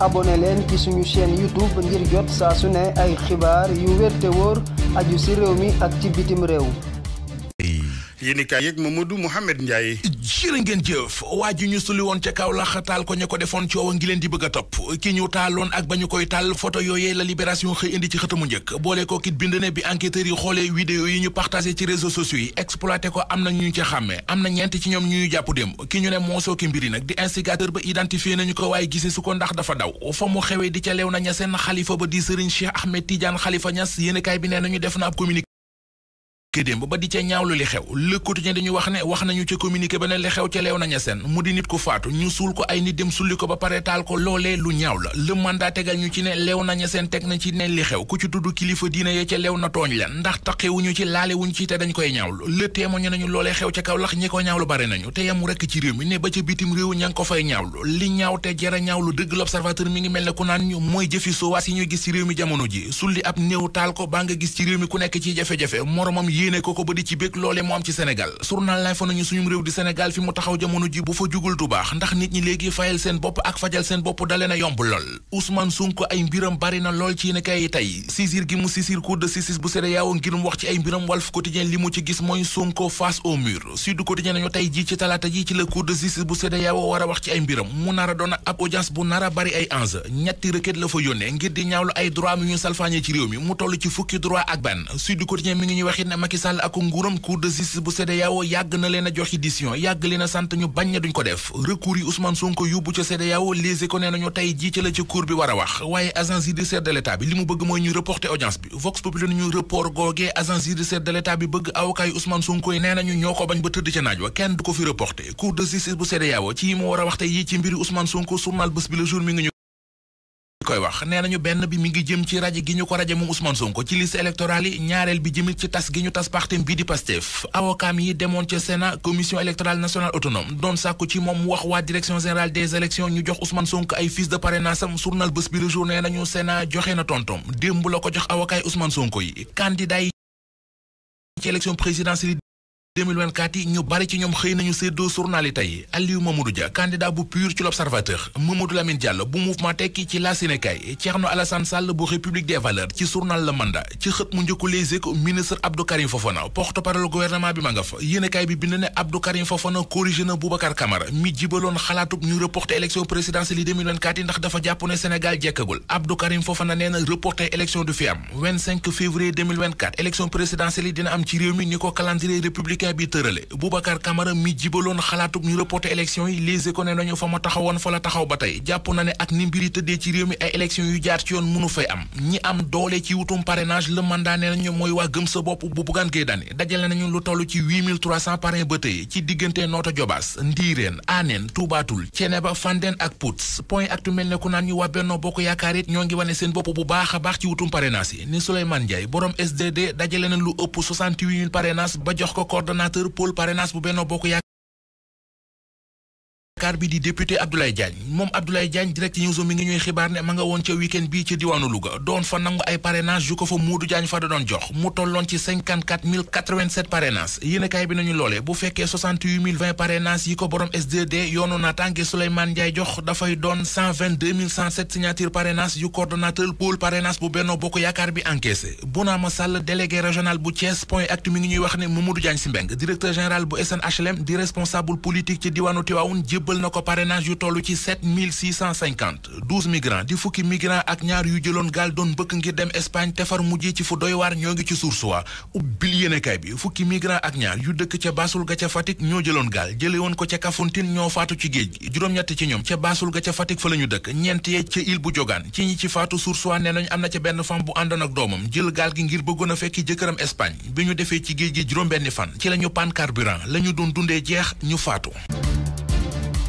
abonné leen ci suñu chaîne YouTube ngir jot saa su ne ay xibaar yu wér te aju ci réew mi ak ci bitim réew. yéen i kaay yeeg Mamadou Mouhamed Ndiaye. jërë ngeen jëf waa ji ñu suli woon ca kaw laxataal ko ña ko defoon coow a ngi leen di bëgg a topp ki ñu taaloon ak ba ñu koy taal photo yooyee la libération xëy indi ci xëtamu njëkk boole ko kit bind ne bi enquêteurs yi xoolee vidéo yi ñu partagé ci réseaux sociaux yi exploité ko am na ñu ca xàmmee am na ñeent ci ñoom ñuy jàpp dem ki ñu ne moosoo ki mbiri nag di instigateur ba identifié nañu ko waaye gisee su ko ndax dafa daw fa mu xewee di ca leew na ña seen xalifa ba di sëriñ Cheikh Ahmed na ab ki démb ba di ca ñaawlu li xew le quotidien dañu wax ne wax nañu ca communiqué ba ne li xew ca leew naña ñi ko ñaawlu bare nañu te yamu rekk ci réew mi ne ba ca bitim réew ña ko fay ñaawlu li ñaaw te jara ñaawlu dëgg l'observateur mi ngi mel ku naan mooy jëfi soowaas yi ñuy gis ci réew mi jamono ji sulli ab néew taal ko baa nga gis ci réew mi ku nekk ci jafe-jafe moromam yéene ko ko ba di ci bég loole moo ci Sénégal journal lay fa nañu suñu réew di Sénégal fi mu taxaw jamono ji bu fa jugul du baax ndax nit ñi léegi fayal seen bopp ak fajal seen bopp dale na yomb lool Ousmane Sonko ay mbiram bari na lool ci yéene yi tey sisir gi mu sisir cour de justice bu CEDEAO ngir mu wax ci ay mbiram Walf Quotidien li mu ci gis mooy Sonko face au mur Sud Quotidien nañu tey ji ci talaata ji ci la cour de justice Macky Sall ak nguuram cour de justice bu CEDEAO yàgg na leen a joxi décision yàgg leen a sant ñu bañ ne duñ ko def recours yi Ousmane Sonko yóbbu ca CEDEAO léegi ko nee nañu tey jii ci la ci cour bi war a wax waaye agence judiciaire de l'état bi li mu bëgg mooy ñu reporter audience bi Vox Populi ñu report googee agence judiciaire de l'état bi bëgg avocat yi Ousmane Sonko nee nañu ñoo ko bañ ba tëdd ca naaj wa kenn du ko fi reporter cour de justice bu a waxte yii ci mbiri Ousmane Sonko journal bés bi le jour mi koy wax nee nañu benn bi mi ngi jëm ci raje gi ñu ko raje moom Ousmane Sonko ci liste électorale yi ñaareel bi jëmit ci tas gi ñu tas partem bii di Pastef avocat yi demoon ca Sénat commission électorale nationale autonome doon sàkku ci moom wax waa direction générale des élections ñu jox Ousmane Sonko ay fiches de parrainage am journal bi le jour nañu Sénat joxe na tontom démb la ko jox avocat yi Ousmane Sonko yi candidat ci élection présidentielle yi ñu bari ci ñoom xëy nañu séddoo journal yi tey Aliou Mamadou Dia bu pur ci l'Observateur Mamadou Lamine Diallo bu mouvement tekki ci la Sénégal Thierno Alassane Sall bu République des valeurs ci journal Le Mandat ci xët mu njëkku ministre Abdou Karim Fofana porte-parole gouvernement bi ma nga fa yéenekaay bi bind ne Abdou Karim Fofana corrigé na Boubacar mi jibaloon xalaatub ñu reporter élection présidentielle yi ndax dafa jàpp ne du yéenekaay bi tërale mi jibaloon xalaatub ñu reporté élection yi Les Échos ne nañu fa ma taxawoon fa la taxaw ba tey jàpp na ne ak ni mbir yi tëddee ci réew mi ay élection yu jaar ci yoon mënu fay am ñi am doole ci wutum parrainage le mandat ne nañu mooy waa gëm sa bopp bu Bougane Gueye Dany dajale nañu lu toll ci 8300 ba tey ci diggante Notto Diobass Ndiireen Anen Toubatoul Thiénaba Fandène ak Pout point actu mel ne ku naan ñu waa Benno Bokk Yaakaar it a coordonnateur pôle parrainage bu Benno Bokk moom Abdoulaye Diagne direct news mi ngi ñuy xibaar ne ma nga woon ca week-end bii ci diwaanu Louga doon fa nangu ay parrainage yu ko fa Modou Diagne Fada doon jox mu tolloon ci 54 087 parrainage bi nañu loolee bu fekkee 68 yi ko borom SDD yoonu naataange Souleymane Ndiaye jox dafay doon signature parrainage yu coordonnateur pôle parrainage bu Benno Bokk Yaakaar bi encaissé Bounama Sall délégué régional bu Thiès point actu mi ngi ñuy wax ne Mamadou Diagne Simbeng directeur général jébbal na ko parrainage yu toll ci sept mille six cent cinquante douze migrants di fukki migrants ak ñaar yu jëloon gaal doon bëkk ngir dem Espagne te far mujjee ci fu doy waar ñoo ngi ci sursuwa ubbil yéenekaay bi fukki migrants ak ñaar yu dëkk ca baasul ga ca Fatick ñoo jëloon gaal jële woon ko ca Kafountine ñoo faatu ci géej gi juróom-ñett ci ñoom ca baasul ga ca Fatick fa la ñu dëkk ñeent yee ca île bu jogaan ci ñi ci faatu sursuwa nee nañ am na ca benn femme bu àndoon ak doomam jël gaal ngir bëggoon a fekki jëkkëram Espagne bi ñu defee ci géej gi juróom-benni fan ci la ñu panne doon dundee jeex ñu faatu